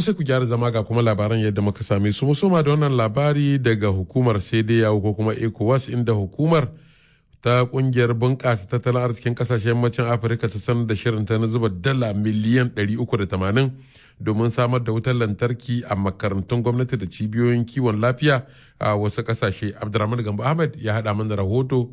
to sai ku gyara zama ga kuma labaran yadda muka same su ma da wannan labari daga hukumar sai dai yawo ko kuma ecowas inda hukumar ta kungiyar bunƙasa tattalin arzikin ƙasashen yammacin afirka ta sanar da shirin ta na zuba dala miliyan 380 domin samar da wutar lantarki a makarantun gwamnati da cibiyoyin kiwon lafiya a wasu ƙasashe abdulrahman gambo ahmed ya haɗa mana rahoto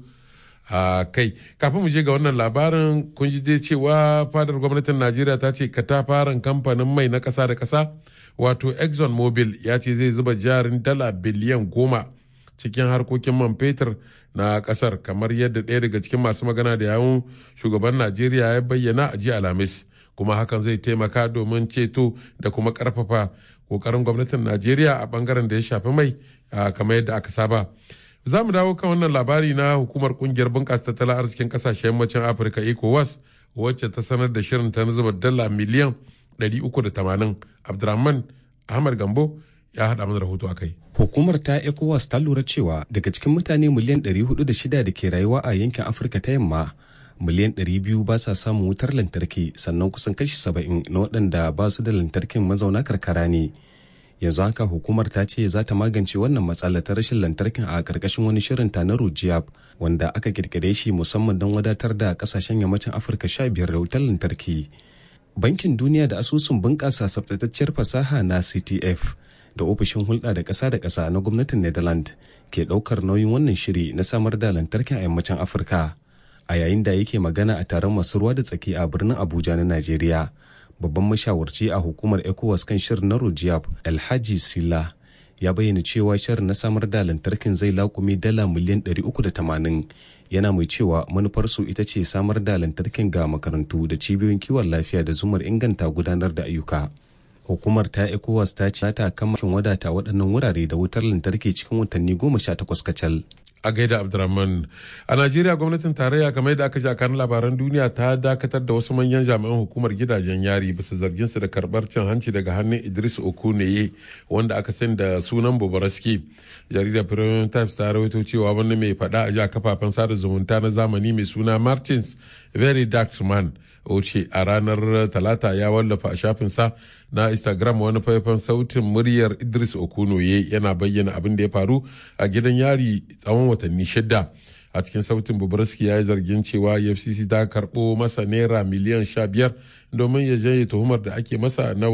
a kai kafin mu je ga wannan labarin kun ji dai cewa fadar gwamnatin najeriya ta ce ka ta katafaren kamfanin mai na kasa da kasa wato exxon mobil ya ce zai zuba jarin dala biliyan goma cikin harkokin man fetur na kasar kamar yadda ɗaya daga cikin masu magana da yawun shugaban najeriya ya bayyana a jiya alhamis kuma hakan zai taimaka domin ceto da kuma karfafa ƙoƙarin gwamnatin najeriya a bangaren da ya shafi mai kamar yadda aka saba Za mu dawo kan wannan labari na hukumar kungiyar bunƙasa tattalin arzikin ƙasashen yammacin Afirka ECOWAS wacce ta sanar da shirin ta zuba dala miliyan 380. Abdurrahman Ahmad Gambo ya haɗa mana rahoto a kai. Hukumar ta ECOWAS ta lura cewa daga cikin mutane miliyan 406 da ke rayuwa a yankin Afirka ta yamma miliyan 200 ba sa samun wutar lantarki sannan kusan kashi 70 na waɗanda ba su da lantarkin mazauna karkara ne. yanzu haka hukumar ta ce za ta magance wannan matsala ta rashin lantarkin a ƙarƙashin wani shirin ta na rujiyab wanda aka kirkire shi musamman don wadatar da ƙasashen yammacin afirka sha biyar da wutar lantarki bankin duniya da asusun bunƙasa tsabtatacciyar fasaha na ctf da ofishin hulɗa da ƙasa da ƙasa na gwamnatin netherlands ke ɗaukar nauyin wannan shiri na samar da lantarkin a yammacin afirka a yayin da yake magana a taron masu ruwa da tsaki a birnin abuja na najeriya babban mashawarci a hukumar ecowas kan shirin na rojiyab alhaji sila ya bayyana cewa shirin na samar da lantarkin zai laƙumi dala miliyan 380 yana mai cewa manufarsu ita ce samar da lantarkin ga makarantu da cibiyoyin kiwon lafiya da zumar inganta gudanar da ayyuka hukumar ta ecowas ta ce ta kammala wadata waɗannan wurare da wutar lantarki cikin watanni goma sha takwas kacal a gaida abdulrahman a najeriya gwamnatin tarayya kamar yadda aka ji a labaran duniya ta dakatar da wasu manyan jami'an hukumar gidajen yari basu zargin su da karbar cin hanci daga hannun idris okuneye wanda aka sani da sunan bobaraski jaridar premium times ta rawaito cewa wani mai faɗa a kafafen sada zumunta na zamani mai suna martins very dark man oce a ranar talata ya wallafa a shafinsa na instagram wani faifan sautin muryar idris okunoye yana bayyana abin da ya faru a gidan yari tsawon watanni shida a cikin sautin bobrisky ya yi zargin cewa efcc ta karbo masa naira miliyan sha biyar domin ya janye tuhumar da ake masa na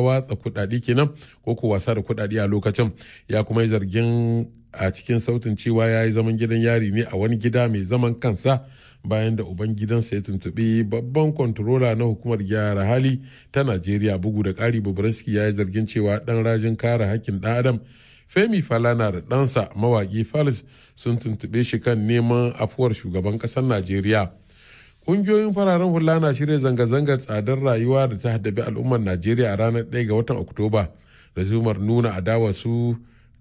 watsa kudade kenan ko ko wasa da kudade a lokacin ya kuma yi zargin a cikin sautin cewa ya yi zaman gidan yari ne a wani gida mai zaman kansa bayan da uban gidansa ya tuntuɓi babban kwantarola na hukumar gyara hali ta najeriya bugu da kari bobrisky ya yi zargin cewa dan rajin kare hakkin ɗan adam femi falana da ɗansa mawaƙi falis sun tuntuɓe shi kan neman afuwar shugaban ƙasar najeriya ƙungiyoyin fararen hula na shirya zanga-zangar tsadar rayuwa da ta haddabi al'ummar najeriya a ranar 1 ga watan oktoba da zumar nuna adawa su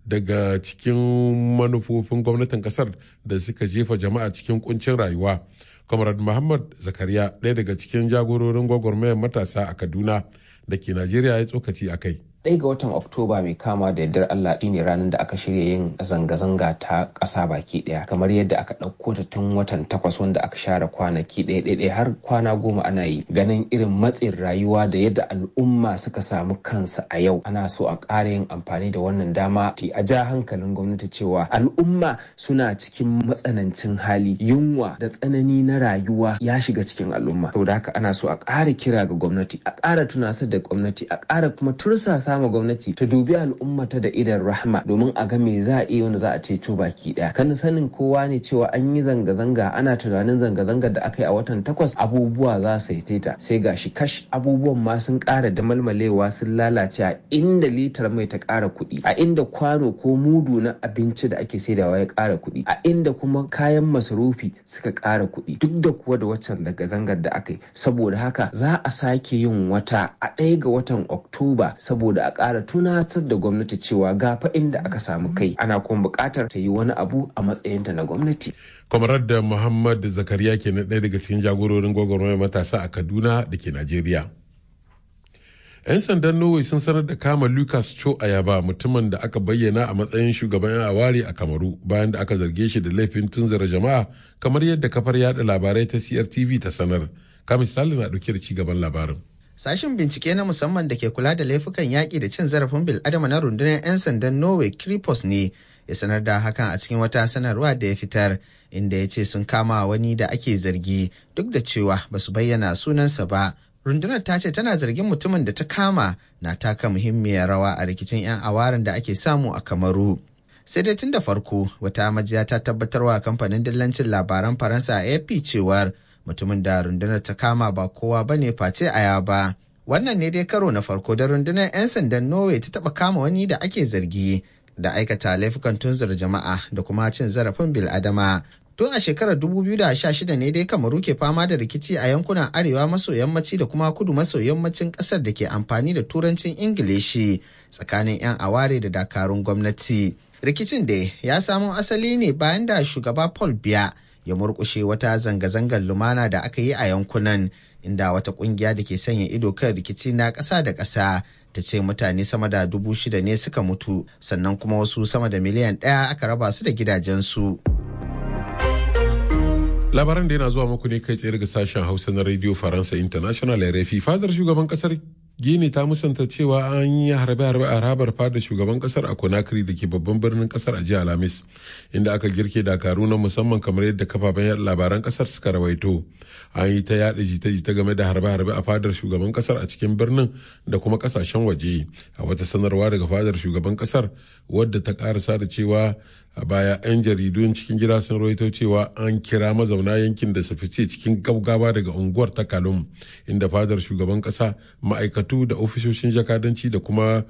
daga cikin manufofin gwamnatin ƙasar da suka jefa jama'a cikin ƙuncin rayuwa comrade muhammad zakariya ɗaya daga cikin jagororin gwagwarmayar matasa a kaduna da ke najeriya ya tsokaci a kai ɗaya ga watan oktoba mai kama da yardar allah shine ranar da aka shirya yin zanga-zanga ta ƙasa baki ɗaya kamar yadda aka ɗauko ta tun watan takwas wanda aka share kwanaki ɗaya ɗaya har kwana goma ana yi ganin irin matsin rayuwa da yadda al'umma suka samu kansa a yau ana so a ƙara yin amfani da wannan dama a ja hankalin gwamnati cewa al'umma suna cikin matsanancin hali yunwa da tsanani na rayuwa ya shiga cikin al'umma da haka ana so a ƙara kira ga gwamnati a ƙara tunasar da gwamnati a ƙara kuma tursasa kama gwamnati ta dubi al'ummata da idan rahma domin a ga me za a iya wanda za a ceto baki daya kan sanin kowa ne cewa an yi zanga-zanga ana tunanin zanga-zangar da aka yi a watan takwas abubuwa za su yi ta sai gashi kash abubuwan ma sun kara da damalmalewa sun lalace a inda litar mai ta kara kuɗi a inda kwano ko mudu na abinci da ake saidawa ya kara kuɗi a inda kuma kayan masarufi suka kara kuɗi duk da kuwa da waccan zanga-zangar da aka yi saboda haka za a sake yin wata a ɗaya ga watan oktoba saboda a ƙara tunatar da gwamnati cewa ga fa inda aka samu kai ana kuma buƙatar ta yi wani abu a matsayinta na gwamnati. kwamarar da muhammad zakariya ke na ɗaya daga cikin jagororin gwagwarmaya matasa a kaduna da ke najeriya. 'yan sandan norway sun sanar da kama lucas cho ayaba mutumin da aka bayyana a matsayin shugaban 'yan awari a kamaru bayan da aka zarge shi da laifin tunzara jama'a kamar yadda kafar yada labarai ta crtv ta sanar Kamis na dauke da ci gaban labarin Sashen bincike na musamman da ke kula da laifukan yaƙi da cin zarafin bil'adama na rundunar 'yan sandan Norway Kripos ne ya sanar da hakan a cikin wata sanarwa da ya fitar inda ya ce sun kama wani da ake zargi duk da cewa ba su bayyana sunansa ba. Rundunar ta ce tana zargin mutumin da ta kama na taka muhimmiyar rawa a rikicin 'yan awaran da ake samu a Kamaru. sai dai tun da farko wata majiya ta tabbatarwa kamfanin dillancin labaran faransa afp cewar mutumin da rundunar ta kama ba kowa ba ne face ayaba wannan ne dai karo na farko da rundunar 'yan sandan norway ta taba kama wani da ake zargi da aikata laifukan tunzar jama'a da kuma cin zarafin bil'adama tun a shekarar 2016 ne dai kamaru ke fama da rikici a yankunan arewa maso yammaci da kuma kudu maso yammacin kasar da ke amfani da turancin ingilishi tsakanin 'yan aware da dakarun gwamnati rikicin dai ya samo asali ne bayan da shugaba paul biya ya murkushe wata zanga-zangar lumana da aka yi a yankunan inda wata kungiya da ke sanya ido kan rikici na ƙasa da ƙasa ta ce mutane sama da dubu shida ne suka mutu sannan kuma wasu sama da miliyan ɗaya aka raba su da gidajensu. labaran da yana zuwa muku ne kai tsaye daga sashen hausa na radio faransa international rfi fadar shugaban kasar gini ta musanta cewa an yi harbe-harbe a harabar fada shugaban kasar a conakry da ke babban birnin kasar a jiya lamis inda aka girke dakaru na musamman kamar yadda kafafen yadda labaran kasar suka rawaito an yi ta yada jita-jita game da harbe-harbe a fadar shugaban kasar a cikin birnin da kuma kasashen waje a wata sanarwa daga fadar shugaban kasar wadda ta karasa da cewa a baya 'yan jaridun cikin gida sun rawaito cewa an kira mazauna yankin da su fice cikin gaugawa daga unguwar ta kalum inda fadar shugaban kasa ma'aikatu da ofisoshin jakadanci da kuma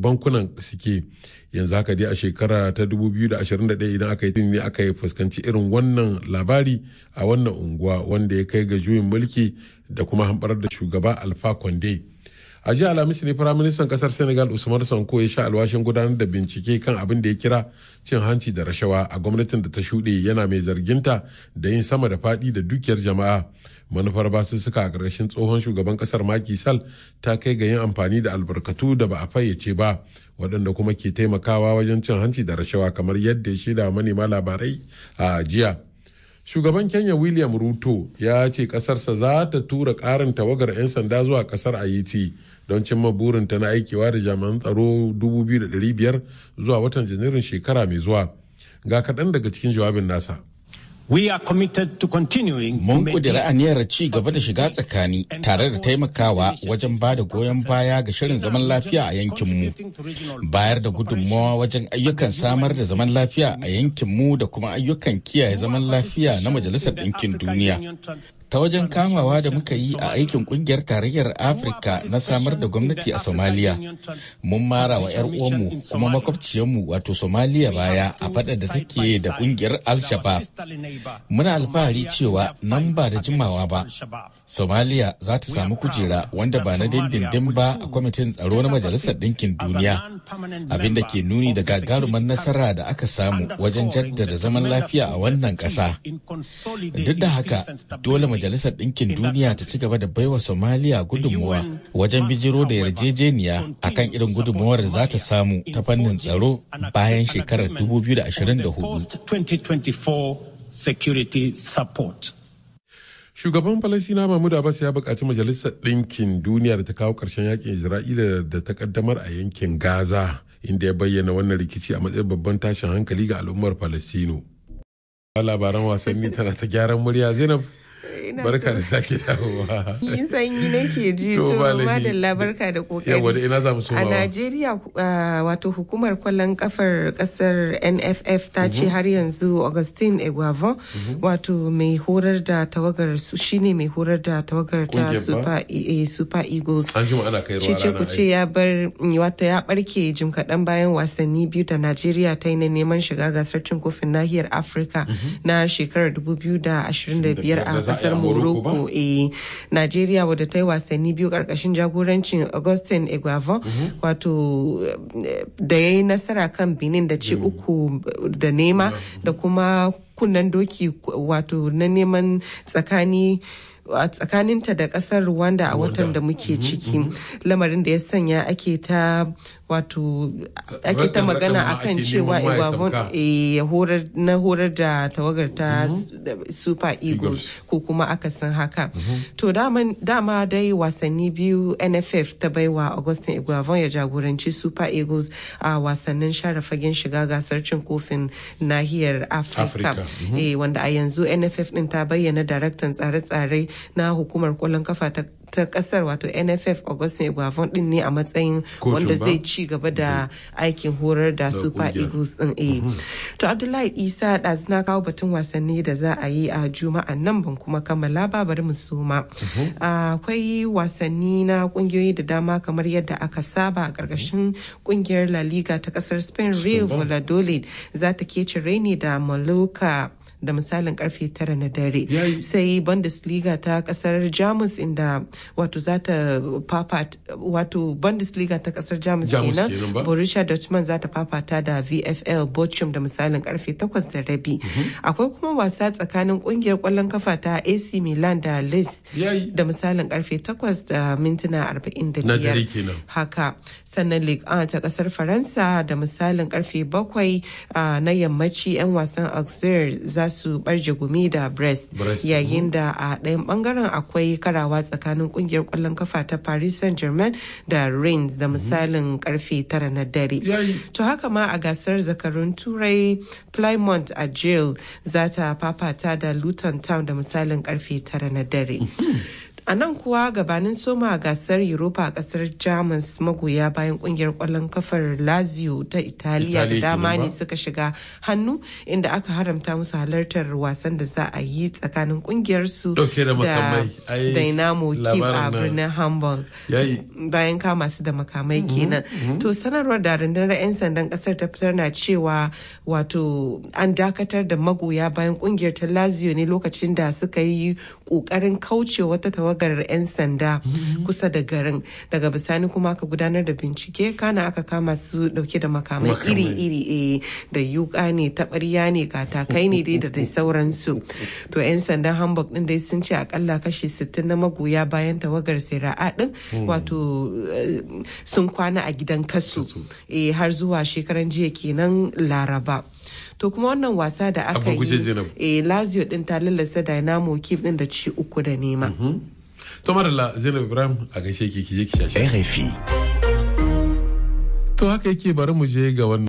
bankunan suke yanzu haka dai a shekara ta 2021 idan aka yi ne aka yi fuskanci irin wannan labari a wannan unguwa wanda ya kai ga juyin mulki da kuma hamɓarar da shugaba alfa kwande. a jiya alhamis ne firaministan kasar senegal usman sanko ya sha alwashin gudanar da bincike kan abin da ya kira cin hanci da rashawa a gwamnatin da ta shuɗe yana mai zarginta da yin sama da faɗi da dukiyar jama'a manufar basussuka a ƙarshen tsohon shugaban kasar maki sal ta kai ga yin amfani da albarkatu da ba a fayyace ba waɗanda kuma ke taimakawa wajen cin hanci da rashawa kamar yadda ya shaida manema labarai a jiya shugaban kenya william ruto ya ce kasarsa za ta tura karin tawagar 'yan sanda zuwa kasar haiti don cimma burinta na aikewa da jami'an tsaro 2,500 zuwa watan janairun shekara mai zuwa ga kaɗan daga cikin jawabin nasa We are committed to continuing Mun kudura aniyar ci gaba da shiga tsakani tare da taimakawa wajen ba da goyon baya ga shirin zaman lafiya a yankinmu. Bayar da gudunmawa wajen ayyukan samar da zaman lafiya a yankinmu da kuma ayyukan kiyaye zaman lafiya na Majalisar Ɗinkin Duniya. Ta wajen kamawa da muka yi a aikin kungiyar tarayyar Afirka na samar da gwamnati a Somalia. Mun mara wa 'yar mu kuma makwabciyarmu wato Somalia baya a fada da take da kungiyar Al-Shabaab. Muna alfahari cewa nan ba da jimawa ba, Somalia za ta samu kujera wanda ba na dindindin ba a kwamitin tsaro na Majalisar Ɗinkin Duniya. Abin da ke nuni da gagarumar nasara da aka samu wajen jaddada zaman lafiya a wannan ƙasa. Duk da haka, dole Majalisar Ɗinkin Duniya ta ci gaba da baiwa Somalia gudunmuwa wajen bijiro da yarjejeniya akan irin gudunmuwar da za ta samu ta fannin tsaro bayan shekarar 2024. security support. Shugaban Falasina Mahmud Abbas ya bukaci Majalisar Ɗinkin Duniya da ta kawo ƙarshen yakin Isra'ila da ta ƙaddamar a yankin Gaza, inda ya bayyana wannan rikici a matsayin babban tashin hankali ga al'ummar Falasino. Labaran wasanni tana ta gyaran murya Zainab. barka da sake dawowa yin sanyi nake ji ma da labarka da kokari yawa da ina za mu a Najeriya uh, wato hukumar kwallon kafar kasar NFF ta ce mhm. har yanzu Augustine Eguavon mhm. wato mai horar da tawagar su shine mai horar da tawagar ta e, eh, Super Eagles an ji ana kai ce ku ce ya bar mm, wato ya barke jim kaɗan bayan wasanni biyu da Najeriya ta yi na neman shiga gasar cin kofin nahiyar Afirka mhm. na shekarar 2025 a kasar kasar morocco a eh, nigeria wadda ta yi wasanni biyu karkashin jagorancin augustin egwavon mhm. wato da ya yi nasara kan benin da ci mm. uku da nema mm. da kuma kunnen doki wato na neman tsakani a tsakaninta da kasar rwanda a watan da muke mhm, ciki mhm. lamarin da ya sanya ake ta wato ake ta magana akan cewa Ivavon eh, na horar da tawagar ta mm-hmm. Super Eagles ko kuma aka san haka. Mm-hmm. To dama dai wasanni biyu NFF ta baiwa Augustin Ivavon ya jagoranci Super Eagles a wasannin share fagen shiga gasar cin kofin nahiyar Afirka. Mm-hmm. Eh, wanda a yanzu NFF din ta bayyana daraktan tsare-tsare na hukumar kwallon kafa ta ta kasar wato nff augustine guavon din ne a matsayin wanda zai ci gaba da mm-hmm. aikin horar da super eagles din A. Eh. Mm-hmm. to abdullahi isa ɗazu na kawo batun wasanni da za a yi a juma'a nan ban kuma kammala ba bari mu soma mm-hmm. akwai wasanni na kungiyoyi da dama kamar yadda aka saba a ƙarƙashin kungiyar la liga ta kasar spain real valladolid za ta kece raini da Maluka. da misalin karfe tara na dare sai bundesliga ta kasar jamus inda wato za ta fafata wato bundesliga ta kasar jamus kenan borussia dortmund za ta fafata da vfl bochum da misalin karfe takwas da rabi mhm. akwai kuma wasa tsakanin kungiyar kwallon kafa ta ac milan da lis da misalin karfe takwas da mintuna arba'in da biyar haka sannan lig a ta kasar faransa da misalin karfe bakwai ah, na yammaci 'yan wasan auxerre za su barje gumi da brest mhm. yayin da a ɗayan bangaren akwai karawa tsakanin kungiyar kwallon kafa ta paris saint germain da Rennes da mhm. misalin karfe tara na dare to haka ma a gasar zakarun turai plymouth a jail za ta fafata da luton town da misalin karfe tara na dare mhm. A nan kuwa gabanin soma gasar Europa a kasar Jamus magoya bayan kungiyar kwallon kafar Lazio ta Italiya da dama ne suka shiga hannu inda aka haramta musu halartar wasan da za a yi tsakanin kungiyar su da Dynamo kip a birnin Hamburg bayan kama su da makamai mhm, kenan. Mhm. To sanarwar da rundunar 'yan sandan kasar ta fitar na cewa wato an dakatar da magoya bayan kungiyar ta Lazio ne lokacin da suka yi kokarin kaucewa wata tawagar 'yan sanda kusa da garin daga bisani kuma aka gudanar da bincike kana aka kama su dauke da makamai iri-iri eh, da yuka ne taɓarya ne katakai ne dai da sauransu to 'yan sandan hamburg din dai sun ce akalla kashi 60 na magoya bayan tawagar sira'a din hmm. wato eh, sun kwana a gidan kasu eh, har zuwa shekaran jiya kenan laraba to kuma wannan wasa da aka yi lazio din ta lallasa dynamo keep din da ci uku da nema mhm. to madalla zainab ibrahim a gaishe ke kije ki shashi rfi to haka yake bari mu je ga wannan